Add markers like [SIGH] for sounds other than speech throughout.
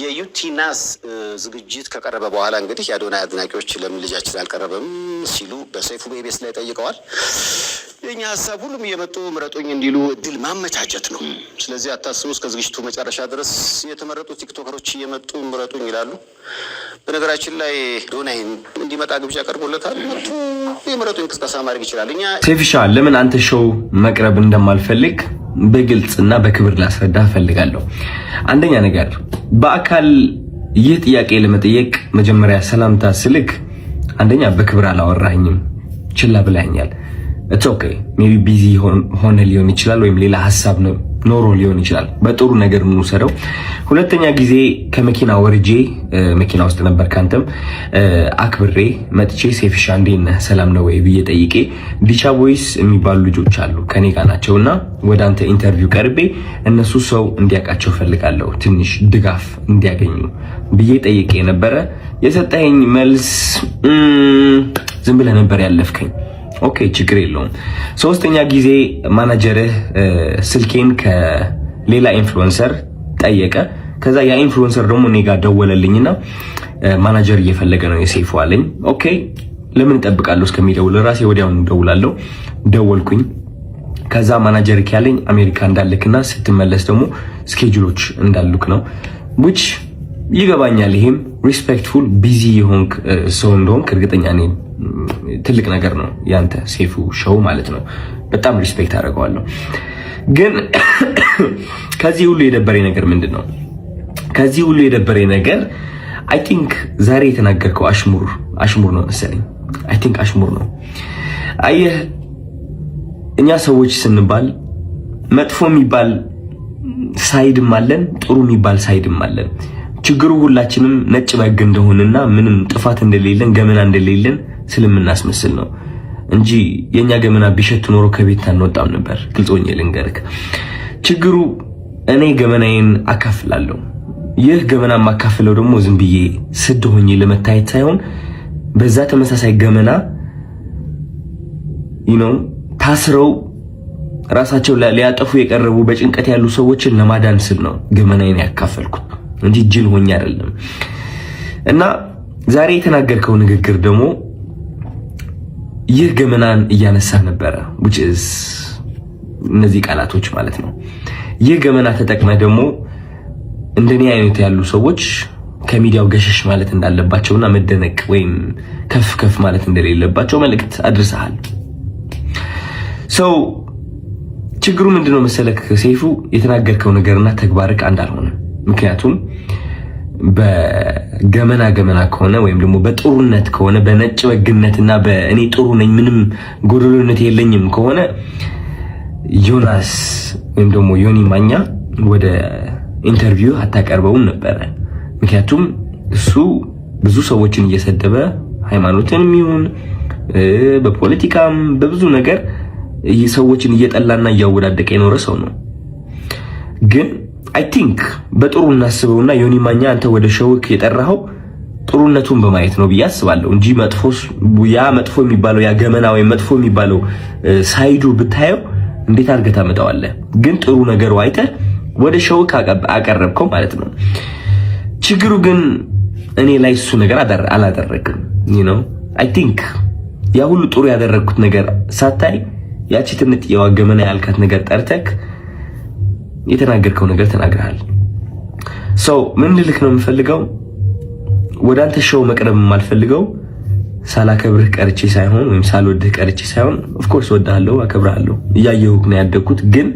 የዩቲናስ ዝግጅት ከቀረበ በኋላ እንግዲህ የአዶናይ አድናቂዎች ለምን ልጃችን አልቀረበም ሲሉ በሰይፉ ቤቤስ ላይ ጠይቀዋል። የኛ ሀሳብ ሁሉም እየመጡ ምረጡኝ እንዲሉ እድል ማመቻቸት ነው። ስለዚህ አታስቡ፣ እስከ ዝግጅቱ መጨረሻ ድረስ የተመረጡ ቲክቶከሮች እየመጡ ምረጡኝ ይላሉ። በነገራችን ላይ ዶናይን እንዲመጣ ግብዣ ቀርቦለታል። የምረጡ እንቅስቃሴ ማድረግ ይችላል። እኛ ቴፊሻ ለምን አንተ ሾው መቅረብ እንደማልፈልግ በግልጽ እና በክብር ላስረዳ እፈልጋለሁ። አንደኛ ነገር በአካል ይህ ጥያቄ ለመጠየቅ መጀመሪያ ሰላምታ ስልክ፣ አንደኛ በክብር አላወራኝም፣ ችላ ብላኛል። ኦኬ ሜቢ ቢዚ ሆነ ሊሆን ይችላል፣ ወይም ሌላ ሀሳብ ነው ኖሮ ሊሆን ይችላል። በጥሩ ነገር የምንውሰደው ሁለተኛ ጊዜ ከመኪና ወርጄ መኪና ውስጥ ነበር ካንተም አክብሬ መጥቼ ሴፍሻ እንዴነ ሰላም ነው ወይ ብዬ ጠይቄ ዲቻ ቦይስ የሚባሉ ልጆች አሉ ከኔ ጋር ናቸው እና ወደ አንተ ኢንተርቪው ቀርቤ እነሱ ሰው እንዲያውቃቸው ፈልጋለሁ ትንሽ ድጋፍ እንዲያገኙ ብዬ ጠይቄ ነበረ። የሰጠኝ መልስ ዝም ብለህ ነበር ያለፍከኝ። ኦኬ ችግር የለውም። ሶስተኛ ጊዜ ማናጀርህ ስልኬን ከሌላ ኢንፍሉዌንሰር ጠየቀ። ከዛ ያ ኢንፍሉዌንሰር ደግሞ እኔ ጋር ደወለልኝና ማናጀር እየፈለገ ነው የሴፉ አለኝ። ኦኬ ለምን እጠብቃለሁ እስከሚደውል ራሴ ወዲያውኑ እደውላለሁ። ደወልኩኝ። ከዛ ማናጀር ያለኝ አሜሪካ እንዳልክና ስትመለስ ደግሞ ስኬጁሎች እንዳሉክ ነው ዊች ይገባኛል። ይሄም ሪስፔክትፉል ቢዚ የሆንክ ሰው እንደሆንክ እርግጠኛ ነኝ። ትልቅ ነገር ነው ያንተ ሴፉ ሾው ማለት ነው። በጣም ሪስፔክት አደርገዋለሁ። ግን [COUGHS] ከዚህ ሁሉ የደበሬ ነገር ምንድን ነው? ከዚህ ሁሉ የደበሬ ነገር አይ ቲንክ ዛሬ የተናገርከው አሽሙር አሽሙር ነው መሰለኝ። አይ ቲንክ አሽሙር ነው። አየህ እኛ ሰዎች ስንባል መጥፎ የሚባል ሳይድም አለን፣ ጥሩ የሚባል ሳይድም አለን። ችግሩ ሁላችንም ነጭ በግ እንደሆንና ምንም ጥፋት እንደሌለን ገመና እንደሌለን ስለምናስመስል ነው እንጂ የኛ ገመና ቢሸት ኖሮ ከቤት አንወጣም ነበር። ግልጾኝ ልንገርክ፣ ችግሩ እኔ ገመናዬን አካፍላለሁ። ይህ ገመና የማካፍለው ደግሞ ዝም ብዬ ስድ ሆኜ ለመታየት ሳይሆን በዛ ተመሳሳይ ገመና ነው ታስረው ራሳቸው ሊያጠፉ የቀረቡ በጭንቀት ያሉ ሰዎችን ለማዳን ስል ነው ገመናዬን ያካፈልኩት። እንጂ ጅል ሆኝ አይደለም። እና ዛሬ የተናገርከው ንግግር ደግሞ ይህ ገመናን እያነሳ ነበረ። እነዚህ ቃላቶች ማለት ነው። ይህ ገመና ተጠቅመ ደግሞ እንደኔ አይነት ያሉ ሰዎች ከሚዲያው ገሸሽ ማለት እንዳለባቸውና መደነቅ ወይም ከፍ ከፍ ማለት እንደሌለባቸው መልእክት አድርሰሃል። ሰው ችግሩ ምንድነው መሰለክ፣ ሰይፉ የተናገርከው ነገርና ተግባርክ አንድ አልሆነም። ምክንያቱም በገመና ገመና ከሆነ ወይም ደግሞ በጥሩነት ከሆነ በነጭ በግነትና በእኔ ጥሩ ነኝ ምንም ጎደሎነት የለኝም ከሆነ ዮናስ ወይም ደግሞ ዮኒ ማኛ ወደ ኢንተርቪው አታቀርበውም ነበረ። ምክንያቱም እሱ ብዙ ሰዎችን እየሰደበ ሃይማኖትንም ይሁን በፖለቲካም በብዙ ነገር ሰዎችን እየጠላና እያወዳደቀ የኖረ ሰው ነው ግን አይ ቲንክ በጥሩ እናስበውና ዮኒ ማኛ አንተ ወደ ሸውክ የጠራኸው ጥሩነቱን በማየት ነው ብዬ አስባለሁ እንጂ መጥፎስ ያ መጥፎ የሚባለው ያ ገመና ወይም መጥፎ የሚባለው ሳይዱ ብታየው እንዴት አድርገህ ታመጣዋለህ? ግን ጥሩ ነገሩ አይተህ ወደ ሸውክ አቀረብከው ማለት ነው። ችግሩ ግን እኔ ላይ እሱ ነገር አላደረግም። ነው አይ ቲንክ ያ ሁሉ ጥሩ ያደረግኩት ነገር ሳታይ ያቺ ትንጥየዋ ገመና ያልካት ነገር ጠርተክ የተናገርከው ነገር ተናግረሃል። ሰው ምን ልልክ ነው የምፈልገው፣ ወደ አንተ ሸው መቅረብ የማልፈልገው ሳላከብርህ ቀርቼ ሳይሆን ወይም ሳልወድህ ቀርቼ ሳይሆን፣ ኦፍኮርስ ወድሃለሁ፣ አከብርሃለሁ፣ እያየሁህ ነው ያደግኩት። ግን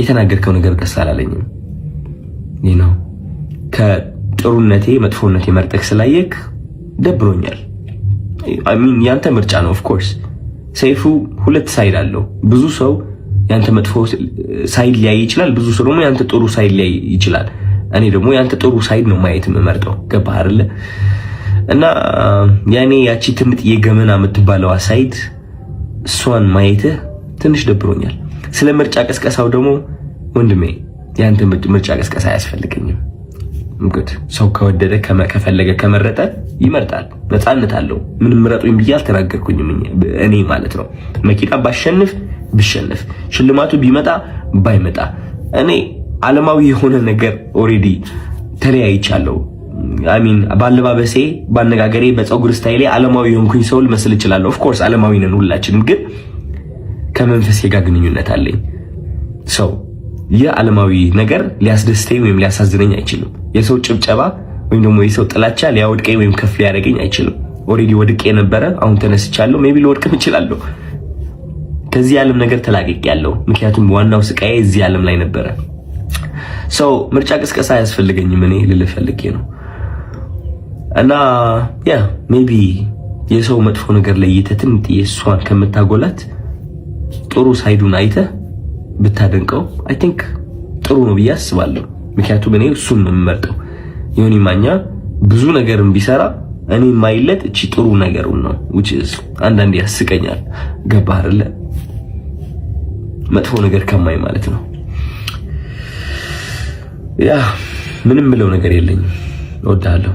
የተናገርከው ነገር ደስ አላለኝም። ይህ ነው ከጥሩነቴ መጥፎነቴ መርጠቅ ስላየክ ደብሮኛል። ያንተ ምርጫ ነው ኦፍኮርስ። ሰይፉ ሁለት ሳይድ አለው ብዙ ሰው ያንተ መጥፎ ሳይድ ሊያይ ይችላል። ብዙ ሰው ደግሞ ያንተ ጥሩ ሳይድ ሊያይ ይችላል። እኔ ደግሞ ያንተ ጥሩ ሳይድ ነው ማየት የምመርጠው። ገባህ አይደለ? እና ያኔ ያቺ ትምጥ የገመና የምትባለዋ ሳይድ እሷን ማየትህ ትንሽ ደብሮኛል። ስለ ምርጫ ቀስቀሳው ደግሞ ወንድሜ ያንተ ምርጫ ቀስቀሳ አያስፈልገኝም። እንግዲህ ሰው ከወደደ ከፈለገ ከመረጠ ይመርጣል፣ ነፃነት አለው። ምንም ምረጡኝ ብዬ አልተናገርኩኝም እኔ ማለት ነው። መኪና ባሸንፍ ብሸነፍ ሽልማቱ ቢመጣ ባይመጣ እኔ ዓለማዊ የሆነ ነገር ኦሬዲ ተለያይቻለሁ። አሚን ባለባበሴ፣ ባነጋገሬ፣ በፀጉር ስታይሌ ዓለማዊ የሆንኩኝ ሰው ልመስል እችላለሁ። ኦፍኮርስ ዓለማዊ ነን ሁላችንም፣ ግን ከመንፈሴ ጋር ግንኙነት አለኝ። ሰው ይህ ዓለማዊ ነገር ሊያስደስተኝ ወይም ሊያሳዝነኝ አይችልም። የሰው ጭብጨባ ወይም ደግሞ የሰው ጥላቻ ሊያወድቀኝ ወይም ከፍ ሊያደርገኝ አይችልም። ኦሬዲ ወድቄ ነበረ፣ አሁን ተነስቻለሁ። ሜቢ ልወድቅም እችላለሁ። ከዚህ ዓለም ነገር ተላቅቅ ያለው ምክንያቱም ዋናው ስቃዬ እዚህ ዓለም ላይ ነበረ። ሰው ምርጫ ቅስቀሳ አያስፈልገኝም እኔ ልልፈልጌ ነው። እና ያ ሜቢ የሰው መጥፎ ነገር ላይ ትንጥዬ እሷን ከምታጎላት ጥሩ ሳይዱን አይተ ብታደንቀው አይ ቲንክ ጥሩ ነው ብዬ አስባለሁ። ምክንያቱም እኔ እሱን ነው የምመርጠው። ዮኒ ማኛ ብዙ ነገርን ቢሰራ እኔ ማይለጥ እቺ ጥሩ ነገሩን ነው። አንዳንዴ ያስቀኛል። ገባህ አይደለ? መጥፎ ነገር ከማይ ማለት ነው። ያ ምንም ምለው ነገር የለኝም። እወድሃለሁ።